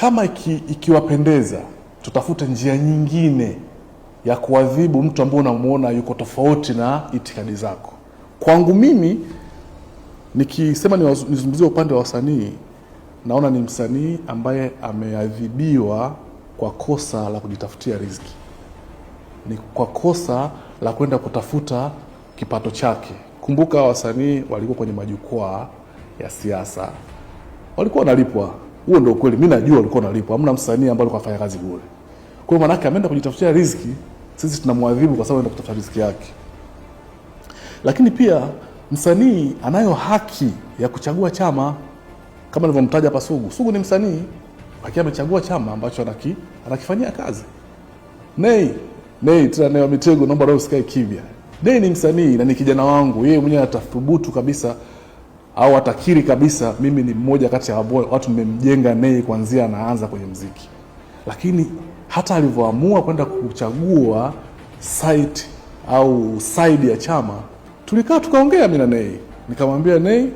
Kama iki, ikiwapendeza tutafute njia nyingine ya kuadhibu mtu ambaye unamuona yuko tofauti na itikadi zako. Kwangu mimi nikisema nizungumzie upande wa wasanii, naona ni msanii ambaye ameadhibiwa kwa kosa la kujitafutia riziki, ni kwa kosa la kwenda kutafuta kipato chake. Kumbuka wasanii walikuwa kwenye majukwaa ya siasa, walikuwa wanalipwa huo ndio kweli, mimi najua ulikuwa unalipwa. Hamna msanii ambaye alikuwa afanya kazi bure. Kwa hiyo manake ameenda kujitafutia riziki, sisi tunamwadhibu kwa sababu anaenda kutafuta riziki yake. Lakini pia msanii anayo haki ya kuchagua chama kama alivyomtaja hapa Sugu. Sugu ni msanii lakini amechagua chama ambacho anaki, anakifanyia kazi. Nei, Nei tena Nei wa Mitego, naomba roho usikae kimya. Nei ni msanii na ni kijana wangu, yeye mwenyewe atathubutu kabisa au atakiri kabisa, mimi ni mmoja kati ya watu nimemjenga naye kuanzia anaanza kwenye mziki. Lakini hata alivyoamua kwenda kuchagua site au side ya chama, tulikaa tukaongea mimi na Nei, nikamwambia Nei,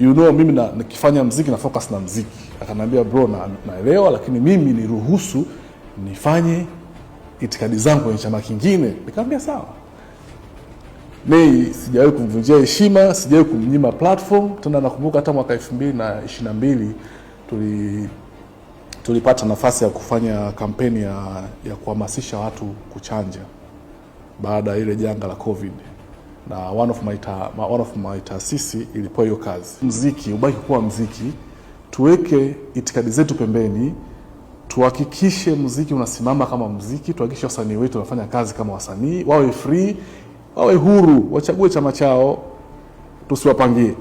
you know, mimi na, nikifanya mziki na focus na mziki. Akanambia bro, na, naelewa lakini mimi niruhusu nifanye itikadi zangu kwenye chama kingine. Nikamwambia sawa mei sijawahi kumvunjia heshima, sijawahi kumnyima platform. Tena nakumbuka hata mwaka 2022 tuli tulipata nafasi ya kufanya kampeni ya, ya kuhamasisha watu kuchanja baada ya ile janga la Covid na one of my ta, one of my taasisi ilipewa hiyo kazi. Mziki ubaki kuwa mziki, tuweke itikadi zetu pembeni, tuhakikishe mziki unasimama kama mziki, tuhakikishe wasanii wetu wanafanya kazi kama wasanii, wawe free wawe huru, wachague chama chao, tusiwapangie.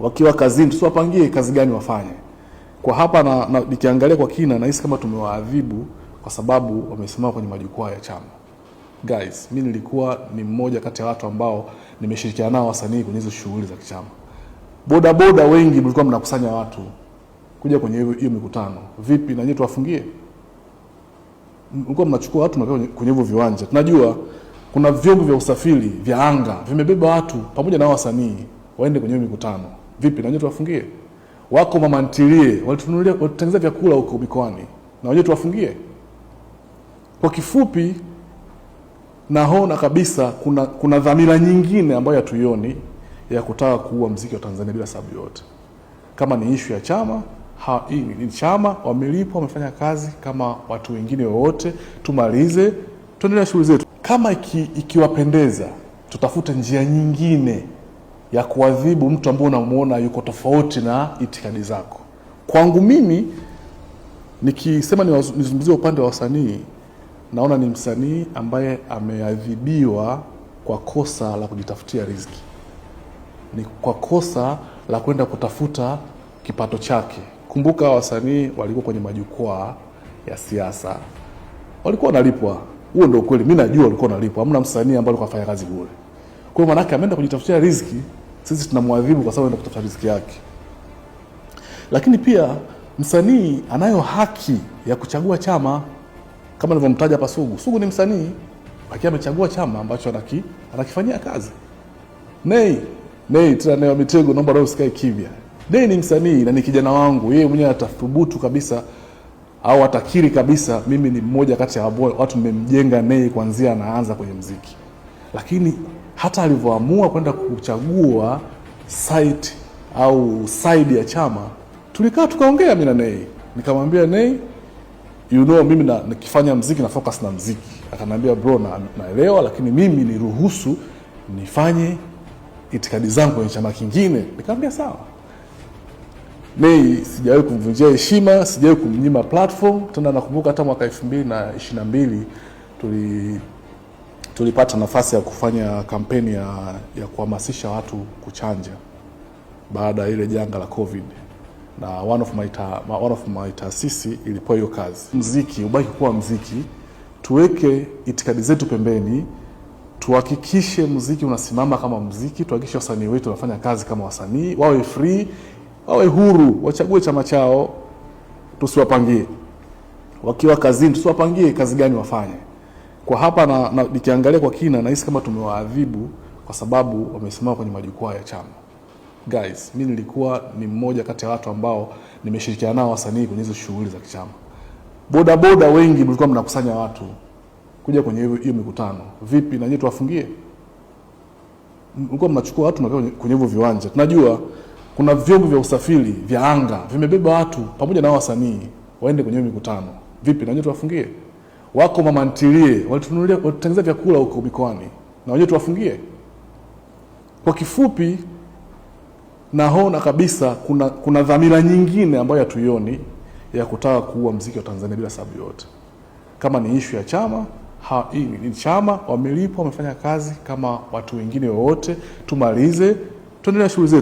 Wakiwa kazini, tusiwapangie kazi gani wafanye. Kwa hapa na, na, nikiangalia kwa kina nahisi kama tumewaadhibu kwa sababu wamesimama kwenye majukwaa ya chama. Guys, mimi nilikuwa ni mmoja kati ya watu ambao nimeshirikiana nao wasanii kwenye hizo shughuli za kichama. Boda boda wengi mlikuwa mnakusanya watu kuja kwenye hiyo mikutano. Vipi na nyinyi tuwafungie? Mlikuwa mnachukua watu mnapeleka kwenye hivyo viwanja. Tunajua kuna vyombo vya usafiri vya anga vimebeba watu pamoja na wasanii waende kwenye mikutano. Vipi na wenyewe tuwafungie? Wako mama ntilie walitununulia vyakula huko mikoani, na wenyewe tuwafungie? Kwa kifupi, naona kabisa kuna kuna dhamira nyingine ambayo hatuioni ya kutaka kuua mziki wa Tanzania bila sababu yote, Kama ni ishu ya chama ha, ni chama wamelipwa, wamefanya kazi kama watu wengine wowote, tumalize tuendelee shughuli zetu. Kama iki, ikiwapendeza tutafute njia nyingine ya kuadhibu mtu ambaye unamuona yuko tofauti na itikadi zako. Kwangu mimi nikisema nizungumzie upande wa wasanii, naona ni msanii ambaye ameadhibiwa kwa kosa la kujitafutia riziki, ni kwa kosa la kwenda kutafuta kipato chake. Kumbuka wasanii walikuwa kwenye majukwaa ya siasa, walikuwa wanalipwa huo ndio ukweli. Mimi najua alikuwa wanalipwa. Hamna msanii ambaye alikuwa afanya kazi bure. Kwa hiyo manake ameenda kujitafutia riziki, sisi tunamwadhibu kwa sababu anaenda kutafuta riziki yake. Lakini pia msanii anayo haki ya kuchagua chama kama nilivyomtaja hapa Sugu. Sugu ni msanii lakini amechagua chama ambacho anaki, anakifanyia kazi. Nei, Nei tena Nei wa Mitego, naomba roho usikae kimya. Nei ni msanii na ni kijana wangu, yeye mwenyewe atathubutu kabisa au atakiri kabisa, mimi ni mmoja kati ya watu nimemjenga naye kuanzia anaanza kwenye mziki. Lakini hata alivyoamua kwenda kuchagua site au side ya chama, tulikaa tukaongea mimi na Nei, nikamwambia Nei, you know, mimi na, nikifanya mziki na focus na mziki. Akaniambia bro, na, naelewa lakini mimi niruhusu nifanye itikadi zangu kwenye chama kingine. Nikamwambia sawa. May sijawahi kumvunjia heshima, sijawahi kumnyima platform. Tena nakumbuka hata mwaka 2022 tuli tulipata nafasi ya kufanya kampeni ya, ya kuhamasisha watu kuchanja baada ya ile janga la COVID na one of my ta, one of my taasisi ilipoa hiyo kazi. Mziki ubaki kuwa mziki, tuweke itikadi zetu pembeni, tuhakikishe mziki unasimama kama mziki, tuhakikishe wasanii wetu wanafanya kazi kama wasanii, wawe free wawe huru, wachague chama chao, tusiwapangie. Wakiwa kazini, tusiwapangie kazi gani wafanye. Kwa hapa na, na nikiangalia kwa kina nahisi kama tumewaadhibu kwa sababu wamesimama kwenye majukwaa ya chama. Guys, mimi nilikuwa ni mmoja kati ya watu ambao nimeshirikiana nao wasanii kwenye hizo shughuli za kichama. Boda boda wengi mlikuwa mnakusanya watu kuja kwenye hiyo mikutano. Vipi na nyinyi tuwafungie? Mlikuwa mnachukua watu mnakaa kwenye hivyo viwanja. Tunajua kuna vyombo vya usafiri vya anga vimebeba watu pamoja na wasanii waende kwenye mikutano. Vipi na wenyewe tuwafungie? Wako mama ntilie walitununulia walitutengezea vyakula huko mikoani, na wenyewe tuwafungie? Kwa kifupi, naona kabisa kuna kuna dhamira nyingine ambayo hatuioni ya kutaka kuua mziki wa Tanzania bila sababu yoyote. Kama ni ishu ya chama ha, hii, ni chama wamelipwa, wamefanya kazi kama watu wengine wowote, tumalize tuendelee shughuli zetu.